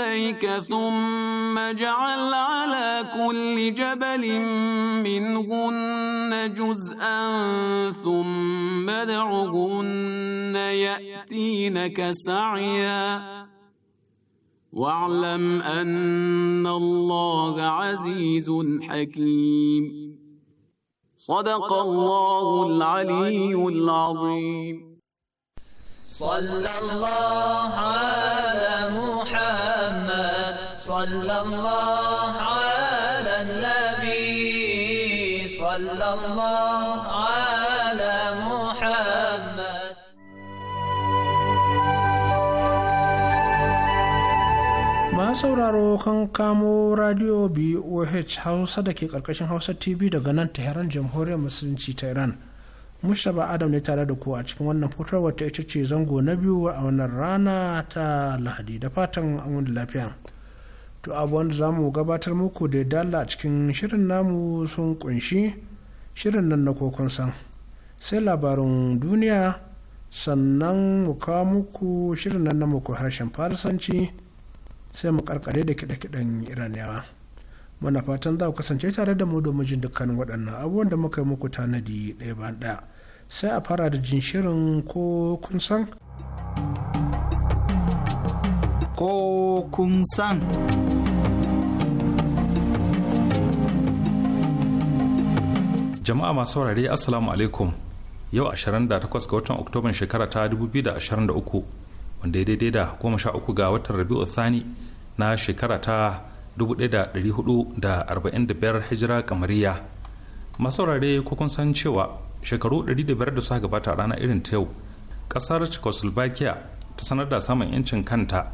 إليك ثم جعل على كل جبل منهن جزءا ثم ادعهن يأتينك سعيا واعلم أن الله عزيز حكيم صدق الله العلي العظيم صلى الله على محمد صلى الله على النبي صلى الله على محمد sauraro kan kamo radio boh hausa da ke karkashin hausa tv daga nan tehran jamhuriyar musulunci ta iran mushaba adam ne tare da ku a cikin wannan fitar wata ita ce zango na biyu a wannan rana ta lahadi da fatan an wani lafiya to abuwan da za mu gabatar muku da dala cikin shirin namu sun kunshi shirin nan na kokon san sai labarin duniya sannan mu kawo muku shirin nan na muku harshen farisanci sai mu karkare da kiɗe-kiɗen iraniyawa muna fatan za ku kasance tare da mu domin jin dukkan waɗannan abubuwan da muka yi muku tanadi ɗaya bayan ɗaya sai a fara da jin shirin ko kun san ko kun san jama'a masu saurare assalamu alaikum yau 28 ga watan oktoban shekara ta 2023 wanda ya daidai da 13 ga watan rabi'u thani na shekara ta 1445 hijira kamariya masu saurare ko kun san cewa shekaru 500 da suka gabata rana irin ta yau kasar czechoslovakia ta sanar da samun yancin kanta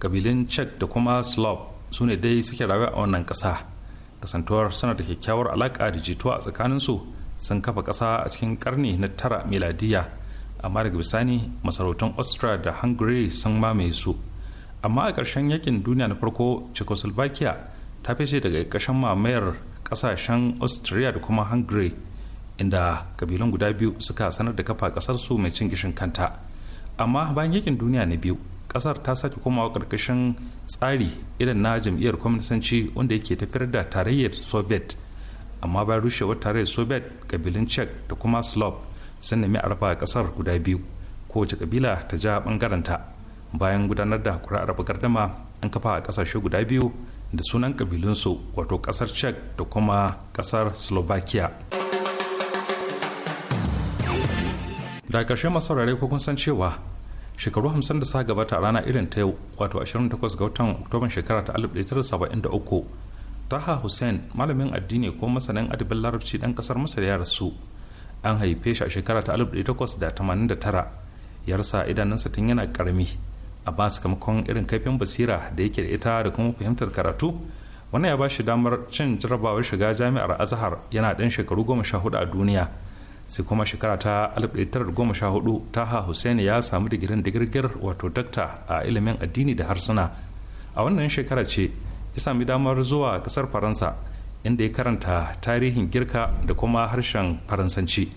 kabilin czech da kuma slav su ne dai suke rayuwa a wannan kasa kasantuwar sana da kyakkyawar alaƙa da jituwa a tsakaninsu sun kafa ƙasa a cikin ƙarni na tara miladiya amma daga bisani masarautan austria da hungary sun mamaye su amma a ƙarshen yakin duniya na farko czechoslovakia ta fice daga ƙarshen mamayar ƙasashen austria da kuma hungary inda kabilan guda biyu suka sanar da kafa ƙasar su mai cin gishin kanta amma bayan yakin duniya na biyu kasar ta sake komawa karkashin tsari irin na jam'iyyar kwamnisanci wanda yake tafiyar da tarayyar soviet amma bayan rushewar tarayyar soviet kabilun czech da kuma slav sun nemi a kasar guda biyu kowace kabila ta ja bangaranta bayan gudanar da kuri'ar gardama an kafa a kasashe guda biyu da sunan kabilunsu wato kasar czech da kuma kasar slovakia da ƙarshe masaurare ko kun san cewa shekaru 50 da sa gabata a rana irin ta yau wato 28 ga watan oktoban shekara ta 1973 taha hussein malamin addini ko masanin adabin larabci dan kasar masar ya rasu an haife shi a shekara ta 1889 ya rasa idanunsa tun yana karami a amma sakamakon irin kaifin basira da yake da ita da kuma fahimtar karatu wannan ya ba shi damar cin jarabawar shiga jami'ar azhar yana ɗan shekaru goma sha hudu a duniya sai kuma shekara ta 1914 taha hussein ya samu digirin digirgir wato dakta a ilimin addini da harsuna a wannan shekara ce ya sami damar zuwa kasar faransa inda ya karanta tarihin girka da kuma harshen faransanci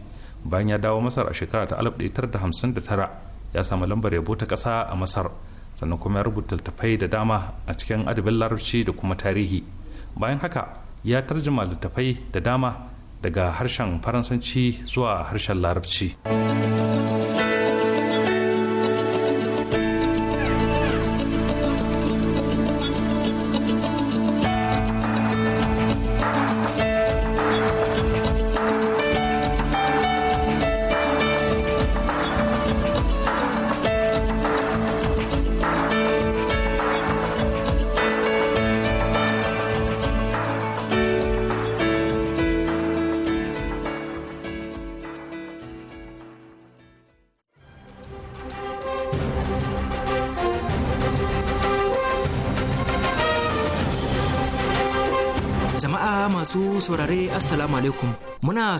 bayan ya dawo masar a shekara ta 1959 ya samu lambar yabo ta kasa a masar sannan kuma ya rubuta littattafai da dama a cikin adabin larabci da kuma tarihi bayan haka ya tarjima littattafai da dama daga harshen faransanci zuwa harshen larabci.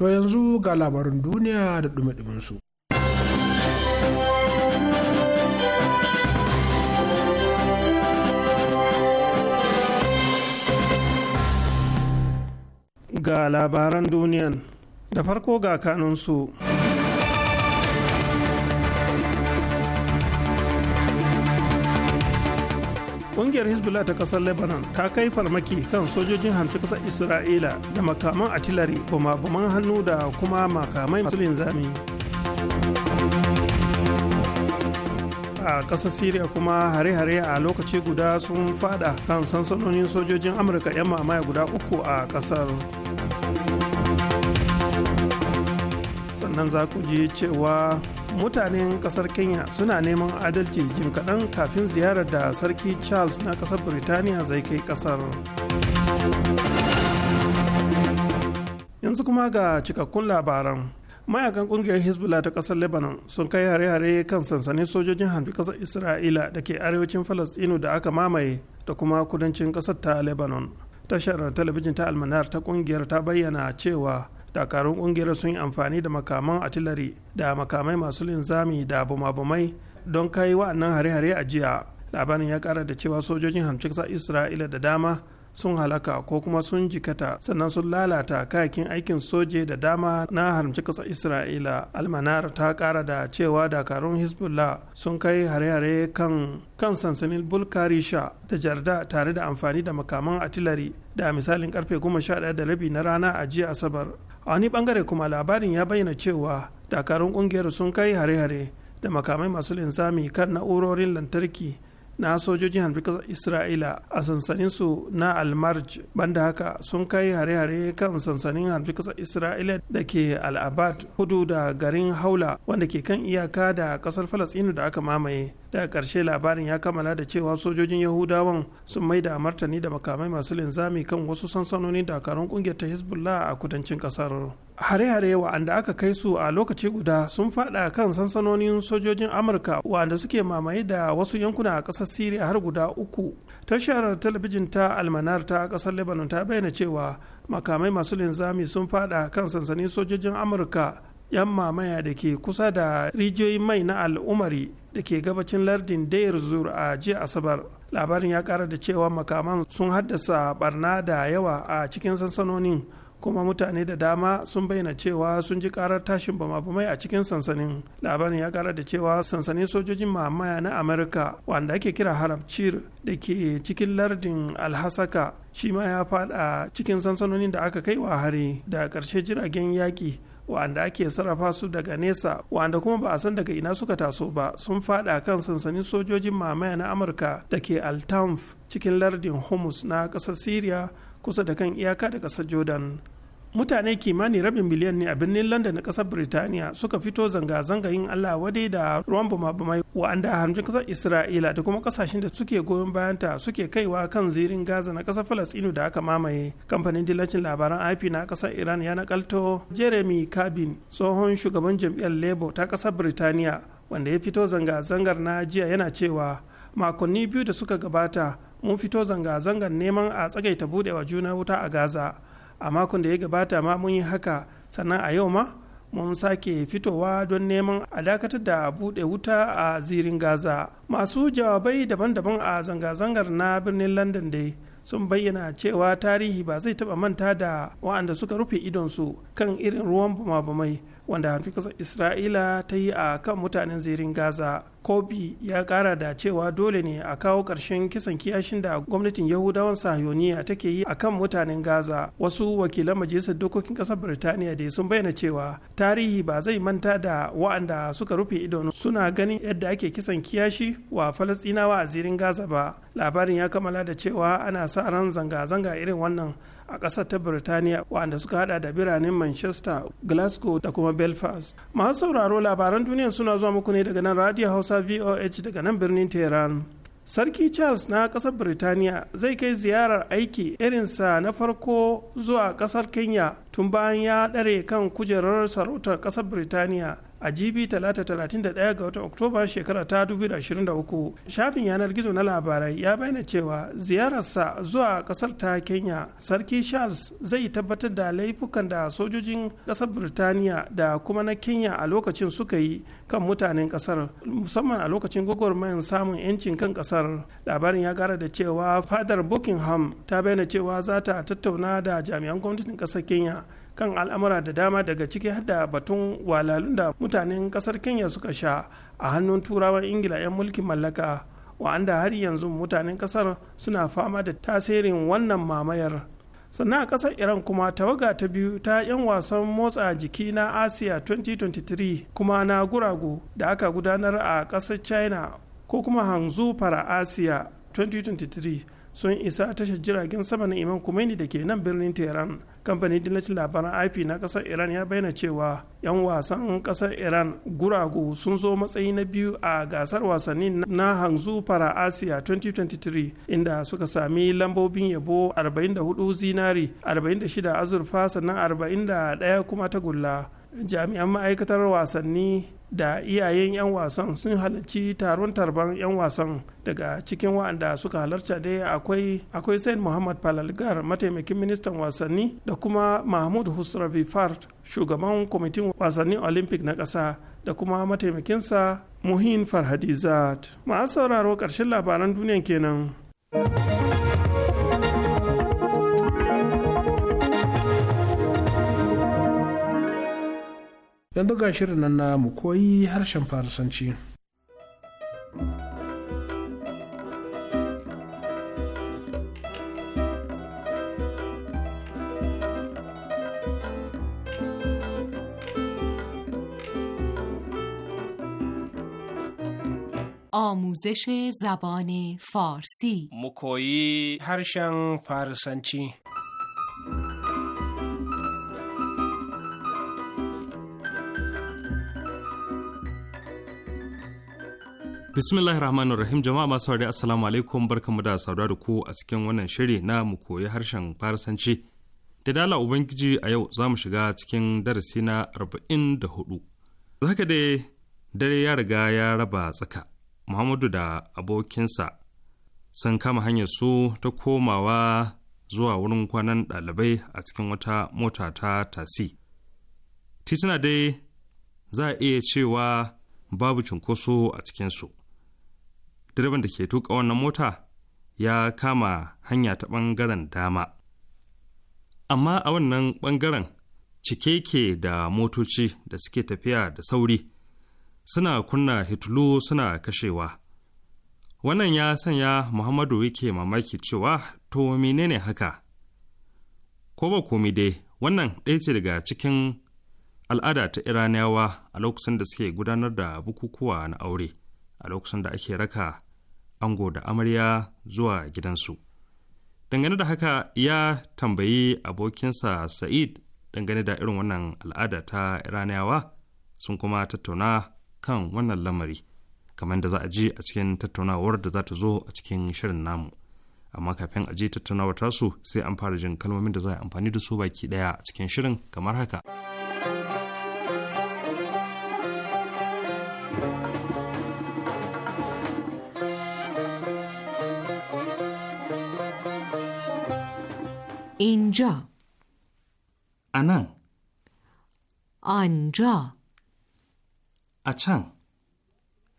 To yanzu ga labarin duniya da ɗumi su Ga labaran duniyan da farko ga kanunsu. Ƙungiyar Hezbollah ta ƙasar Lebanon ta kai farmaki kan sojojin hamci ƙasar Isra'ila da makaman atilari, bama-baman hannu da kuma makamai masu linzami. a ƙasar syria kuma hare-hare a lokaci guda sun fada kan sansanonin sojojin amurka 'yan mamaya guda uku a ƙasar sannan za ku ji cewa mutanen kasar kenya suna neman adalci jim kaɗan kafin ziyarar da sarki charles na kasar birtaniya zai kai kasar yanzu kuma ga cikakkun labaran mayakan kungiyar hezbollah ta kasar lebanon sun kai hare-hare kan sansanin sojojin hanfi kasar isra'ila da ke arewacin falastinu da aka mamaye da kuma kudancin kasar ta lebanon tashar talabijin ta almanar ta kungiyar ta bayyana cewa dakarun kungiyar sun yi amfani da makaman atilari da makamai masu linzami da bumabumai don kai wa'annan hare-hare a jiya labarin ya kara da cewa sojojin hamshiksa isra'ila da dama sun halaka ko kuma sun jikata sannan sun lalata kayakin aikin soje da dama na haramci kasa isra'ila almanar ta kara da cewa dakarun hezbollah sun kai hare-hare kan kan sansanin bulkarisha da jarda tare da amfani da makaman atilari da misalin karfe 11 da rabi na rana a jiya asabar a wani bangare kuma labarin ya bayyana cewa dakarun kungiyar sun kai hare-hare da makamai masu linzami kan na'urorin lantarki na sojojin hamdukar isra'ila a sansaninsu na almarj banda haka sun kai hare-hare kan sansanin hamdukar isra'ila da ke al'abad hudu da garin haula wanda ke kan iyaka da kasar falasinu da aka mamaye daga ƙarshe labarin ya kammala da cewa sojojin yahudawan sun mai da martani da makamai masu linzami kan wasu sansanonin dakarun ƙungiyar ta hezbollah a kudancin ƙasar hare-hare wa'anda aka kai su a lokaci guda sun fada kan sansanonin sojojin amurka wa'anda suke mamaye da wasu yankuna a ƙasar syria har guda uku tashar talabijin ta almanar ta ƙasar lebanon ta bayyana cewa makamai masu linzami sun fada kan sansanin sojojin amurka yan mamaya da ke kusa da rijiyoyin mai na al'umari da ke gabacin lardin Deir Zur a jiya Asabar. Labarin ya kara da cewa makaman sun haddasa barna da yawa a cikin sansanonin kuma mutane da dama sun bayyana cewa sun ji karar tashin bama-bamai a cikin sansanin labarin ya kara da cewa sansanin sojojin mamaya na amerika wanda ake kira harabcir da ke cikin lardin alhasaka shi ma ya fada cikin sansanonin da aka kai wa hari da karshe jiragen yaki. wanda ake sarrafa su daga nesa wanda kuma ba a san daga ina suka taso ba sun fada kan sansanin sojojin mamaya na amurka da ke altamf cikin lardin homus na ƙasar syria kusa da kan iyaka da ƙasar jordan mutane kimanin rabin miliyan ne a birnin london na kasar birtaniya suka fito zanga-zanga yin allah wadai da ruwan bama wa'anda harjin kasar isra'ila da kuma kasashen da suke goyon bayanta suke kaiwa kan zirin gaza na kasar falastinu da aka mamaye kamfanin dillacin labaran ip na kasar iran ya nakalto jeremy cabin tsohon shugaban jam'iyyar labour ta kasar birtaniya wanda ya fito zanga-zangar na jiya yana cewa makonni biyu da suka gabata mun fito zanga-zangar neman a tsagaita budewa juna wuta a gaza a makon da ya gabata ma mun yi haka sannan a yau ma mun sake fitowa don neman a dakatar da buɗe wuta a zirin gaza masu jawabai daban-daban a zanga-zangar na birnin london dai sun bayyana cewa tarihi ba zai taɓa manta da waɗanda suka rufe idonsu kan irin ruwan bama-bamai wanda hanfi kasar isra'ila ta yi a kan mutanen zirin gaza kobi ya kara da cewa dole ne a kawo ƙarshen kisan kiyashin da gwamnatin yahudawan sahiyoniya take yi a kan mutanen gaza wasu wakilan majalisar dokokin ƙasar birtaniya da sun bayyana cewa tarihi ba zai manta da wa'anda suka rufe idon suna ganin yadda ake kisan kiyashi wa falastinawa a zirin gaza ba labarin ya kammala da cewa ana sa ran zanga-zanga irin wannan a ƙasar ta birtaniya waɗanda suka hada da biranen manchester glasgow da kuma belfast masu sauraro labaran duniya suna zuwa muku ne daga nan radio hausa voh daga nan birnin tehran sarki charles na ƙasar birtaniya zai kai ziyarar aiki irinsa na farko zuwa ƙasar kenya tun bayan ya ɗare kan kujerar sarautar ƙasar birtaniya a gb 31 ga watan oktoba shekara ta 2023 shafin yanar gizo na labarai ya bayyana cewa ziyararsa zuwa kasar ta kenya sarki charles zai tabbatar da laifukan da sojojin kasar birtaniya da kuma na kenya a lokacin suka yi kan mutanen kasar musamman a lokacin mayan samun yancin kan kasar labarin ya gara da cewa fadar buckingham ta bayyana cewa za ta tattauna da jami'an gwamnatin kasar kenya kan al'amura da dama daga ciki hadda batun walalun da mutanen kasar kenya suka sha a hannun turawan ingila 'yan mulkin mallaka wa'anda har yanzu mutanen kasar suna fama da tasirin wannan mamayar sannan a kasar iran kuma tawaga ta biyu ta 'yan wasan motsa jiki na asiya 2023 kuma na guragu da aka gudanar a kasar china ko kuma hanzu fara asiya 2023 sun isa tashar jiragen sama na imam kumeni da ke nan birnin tehran kamfanin dillacin labaran ip na kasar iran ya bayyana cewa 'yan wasan kasar iran guragu sun zo matsayi na biyu a gasar wasanni na hanzu para asiya 2023 inda suka sami lambobin yabo 44 zinari 46 azurfa sannan 41 kuma tagulla jami'an ma'aikatar wasanni da iyayen 'yan wasan sun halarci taron tarban 'yan wasan daga cikin wa'anda suka halarta dai akwai akwai said muhammad palalgar mataimakin ministan wasanni da kuma mahmud husravi fart shugaban kwamitin wasannin olympic na ƙasa da kuma mataimakinsa muhin farhadizat ma'a sauraro ƙarshen labaran duniya kenan. yanzu ga shirin nan na mu koyi harshen farisanci. آموزش زبان فارسی مکویی هرشن فارسنچی Bismillahir Rahmanir Rahim jama'a masu saurari assalamu alaikum barkamu da saduwa da ku a cikin wannan shiri na mu koyi harshen Farsanci. Da dala Ubangiji a yau za mu shiga cikin darasi na arba'in da hudu. Zaka dai dare ya riga ya raba tsaka. Muhammadu da abokinsa sun kama hanyar su ta komawa zuwa wurin kwanan ɗalibai a cikin wata mota ta tasi. Tituna dai za a iya cewa babu cunkoso a cikinsu. direban da ke tuka wannan mota ya kama hanya ta ɓangaren dama amma a wannan ɓangaren cike ke da motoci da suke tafiya da sauri suna kunna hitulu suna kashewa wannan ya sanya muhammadu yake mamaki cewa to menene haka ko ba komi dai wannan ɗaya ce daga cikin al'ada ta iraniyawa a lokacin da suke gudanar da bukukuwa na aure a lokacin da ake raka ango da amarya zuwa gidansu dangane da haka ya tambayi abokinsa sa'id dangane da irin wannan al'ada ta iraniyawa sun kuma tattauna kan wannan lamari kamar da za a ji a cikin tattaunawar da za ta zo a cikin shirin namu amma kafin a ji tattaunawar tasu sai an fara jin kalmomin da za a amfani da su baki daya a cikin shirin kamar haka. اینجا انن آنجا اچن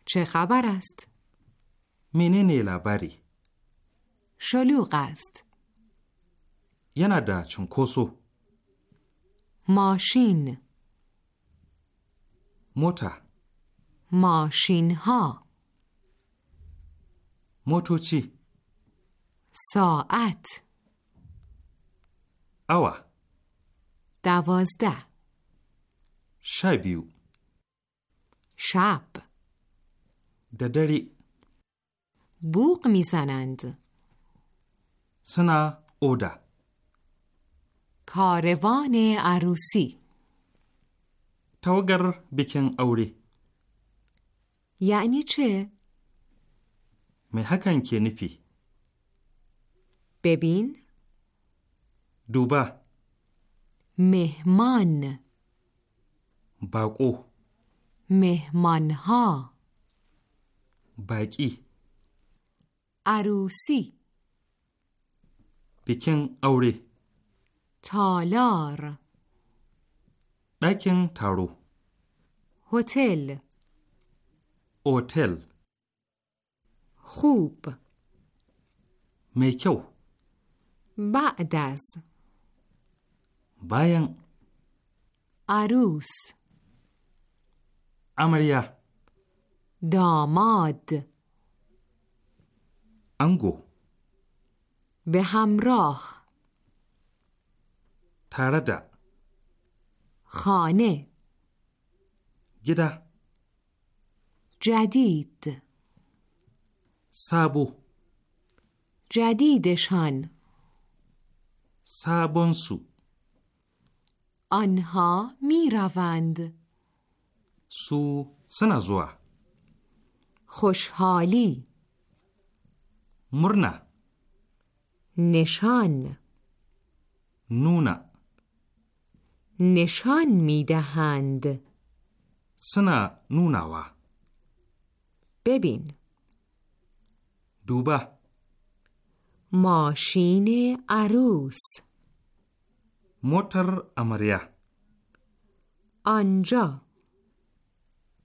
چه خبر است؟ نیلا بری شلوغ است نده چون کوسو ماشین موتا ماشین ها چی؟ ساعت اوا دوازده، شبیو، شب، شب ددری بوق میزنند سنا اودا کاروان عروسی توگر بکن اوری یعنی چه؟ می هکن که نفی ببین duba mehman baƙo Mehman mehmanha baƙi arusi bikin aure talar ɗakin taro hotel otel خوب میکو kyau. از بایان عروس امریا داماد انگو به همراه ده خانه گده جدید سابو جدیدشان سابونسو آنها می روند. سو سنازوا خوشحالی مرنا نشان نونا نشان می دهند سنا و. ببین دوبه ماشین عروس موتر امریا آنجا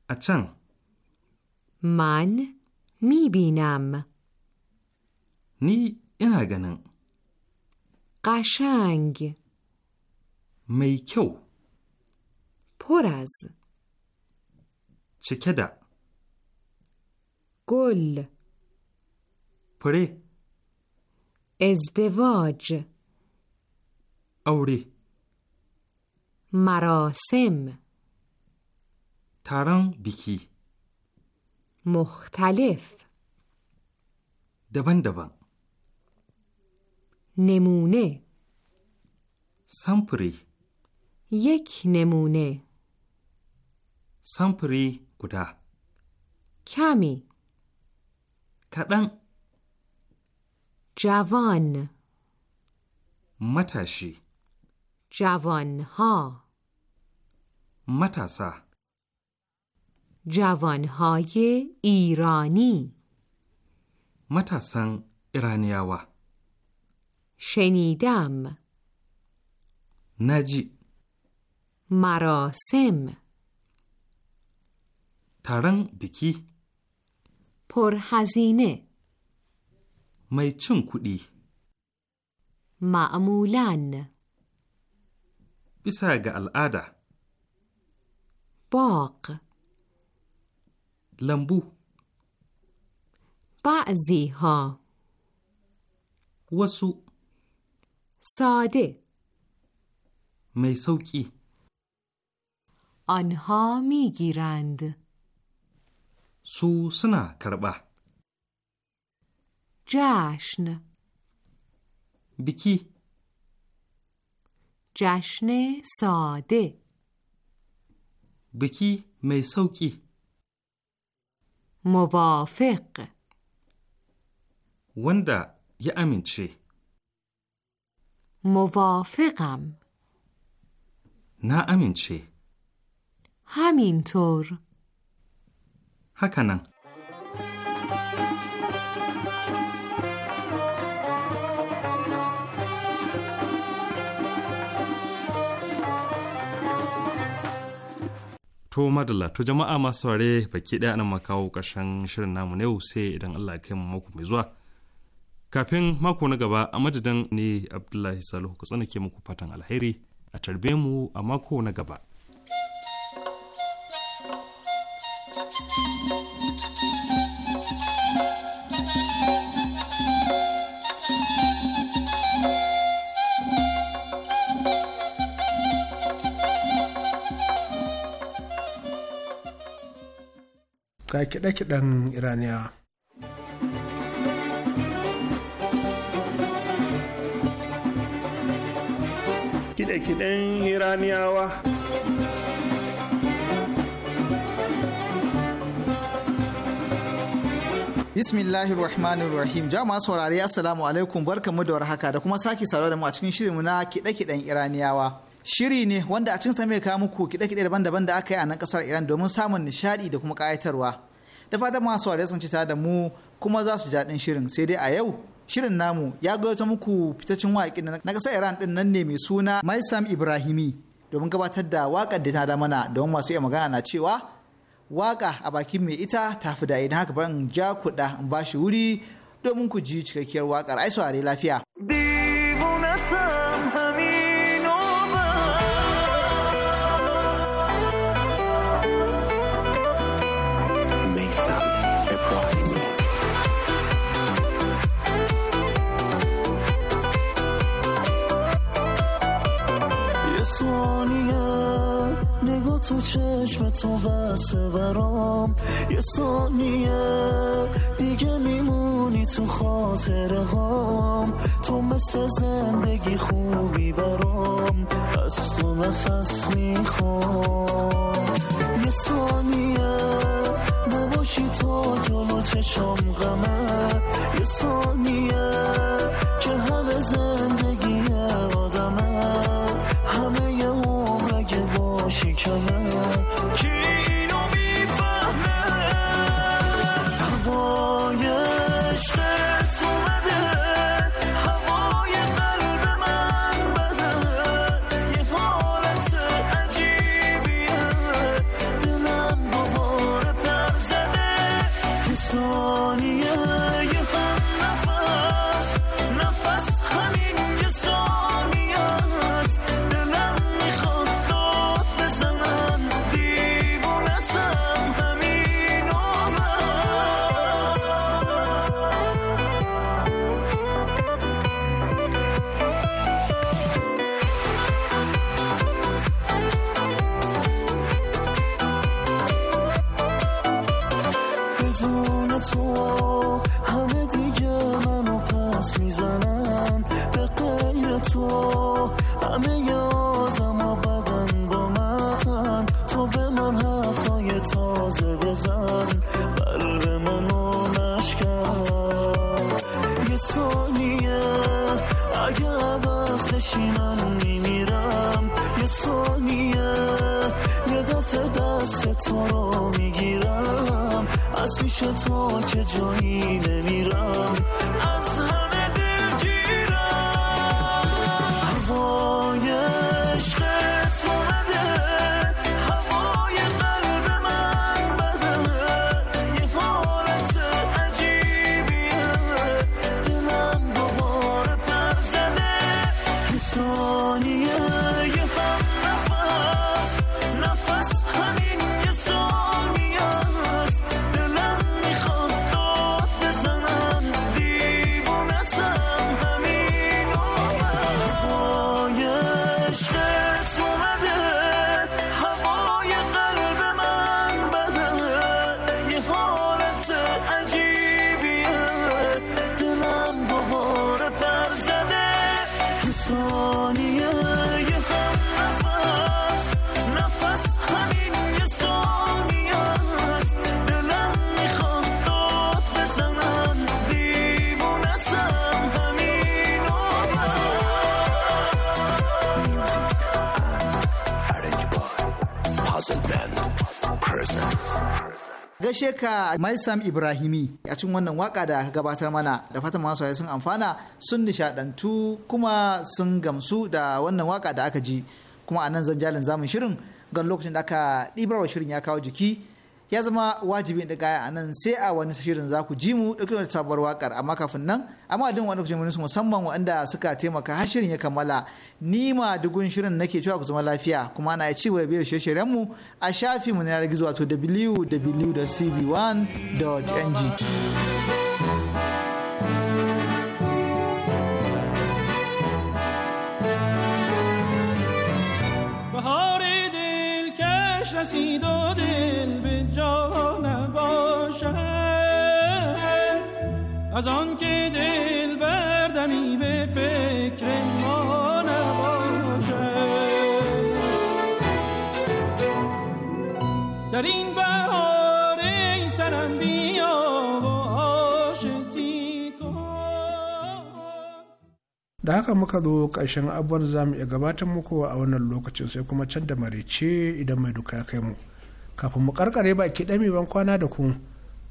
اچن من میبینم نی اینا گنن قشنگ میکو پر از چکه گل پره ازدواج اوری مراسم تران بیکی مختلف دبن دبن نمونه سامپری یک نمونه سامپری گدا کمی کدن جوان متشی جوانها متاسا جوانهای ایرانی متاسن ایرانیاوا شنیدم نجی مراسم ترن بکی پرهزینه میچون کودی معمولاً bisa ga al'ada. باغ لمبو بعضی ها وسو ساده می سوکی آنها میگیرند سو سنا کربا جشن بکی جشن ساده Biki mai sauƙi. Mubafeq. Wanda ya amince. Mubafeqem. Na amince. Amintor. Haka nan. To madalla to jama'a masu ware baki ɗaya nan makawo ƙarshen shirin namu na yau sai idan Allah ya kai mu mako mai zuwa. Kafin mako na gaba a madadin ne Abdullahi Salihu ku ke muku fatan alheri a tarbe mu a mako na gaba. thank you ta kiɗe-kiɗen iraniya kiɗe-kiɗen iraniyawa Bismillahir Rahmanir Rahim. Jama'a saurare Assalamu alaikum barkamu da warhaka da kuma sake saurare da mu a cikin shirinmu na kiɗe-kiɗen Iraniyawa. Shiri ne wanda a cikin sa mai kawo muku kiɗe-kiɗe daban-daban da aka yi a nan ƙasar Iran domin samun nishaɗi da kuma ƙayatarwa. da fatan masu ware sun ci da mu kuma za su ji daɗin shirin sai dai a yau shirin namu ya gaito muku fitaccen waƙi na ƙasar iran ɗin nan ne mai suna maisam ibrahimi domin gabatar da waƙar da ta da mana don masu iya magana na cewa waƙa a bakin mai ita ta fi da idan haka ban ja kuɗa in ba shi wuri domin ku ji cikakkiyar waƙar ai saurare lafiya. تو چشم تو بس برام یه ثانیه دیگه میمونی تو خاطره هام تو مثل زندگی خوبی برام از تو نفس میخوام یه ثانیه نباشی تو جلو چشم غمه یه ثانیه soul. دست تو رو میگیرم از میشه تو که جایی نمیرم gaishe ka Maisam Ibrahimi a cikin wannan waka da gabatar mana da fatan masu sun amfana sun nishadantu kuma sun gamsu da wannan waka da aka ji kuma a nan zan jalin zamun shirin gan lokacin da aka ɗibarwa shirin ya kawo jiki ya zama wajibi da gaya a nan sai a wani shirin za ku ji mu da wani sabuwar wakar amma kafin nan amma din wani kujemin su musamman waɗanda suka taimaka har shirin ya kammala ni ma dugun shirin nake cewa ku zama lafiya kuma ana ci wa biyo shirye-shiryen mu a shafi mu na yanar gizo wato www.cb1.ng. رسید و از آن که دل بردمی به فکر ما نباشه در این بهار ای سرم بیا و آشتی da haka muka zo ƙarshen abubuwan za mu iya gabatar muku a wannan lokacin sai kuma can da marice idan mai duka kai mu kafin mu karkare baki ɗami ban kwana da ku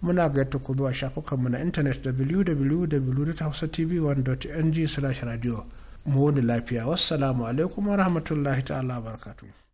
muna gayyata ku zuwa shafukanmu na intanet www.hausatv1.ng/radio mu wani lafiya wassalamu alaikum rahmatullahi ta'ala barkatu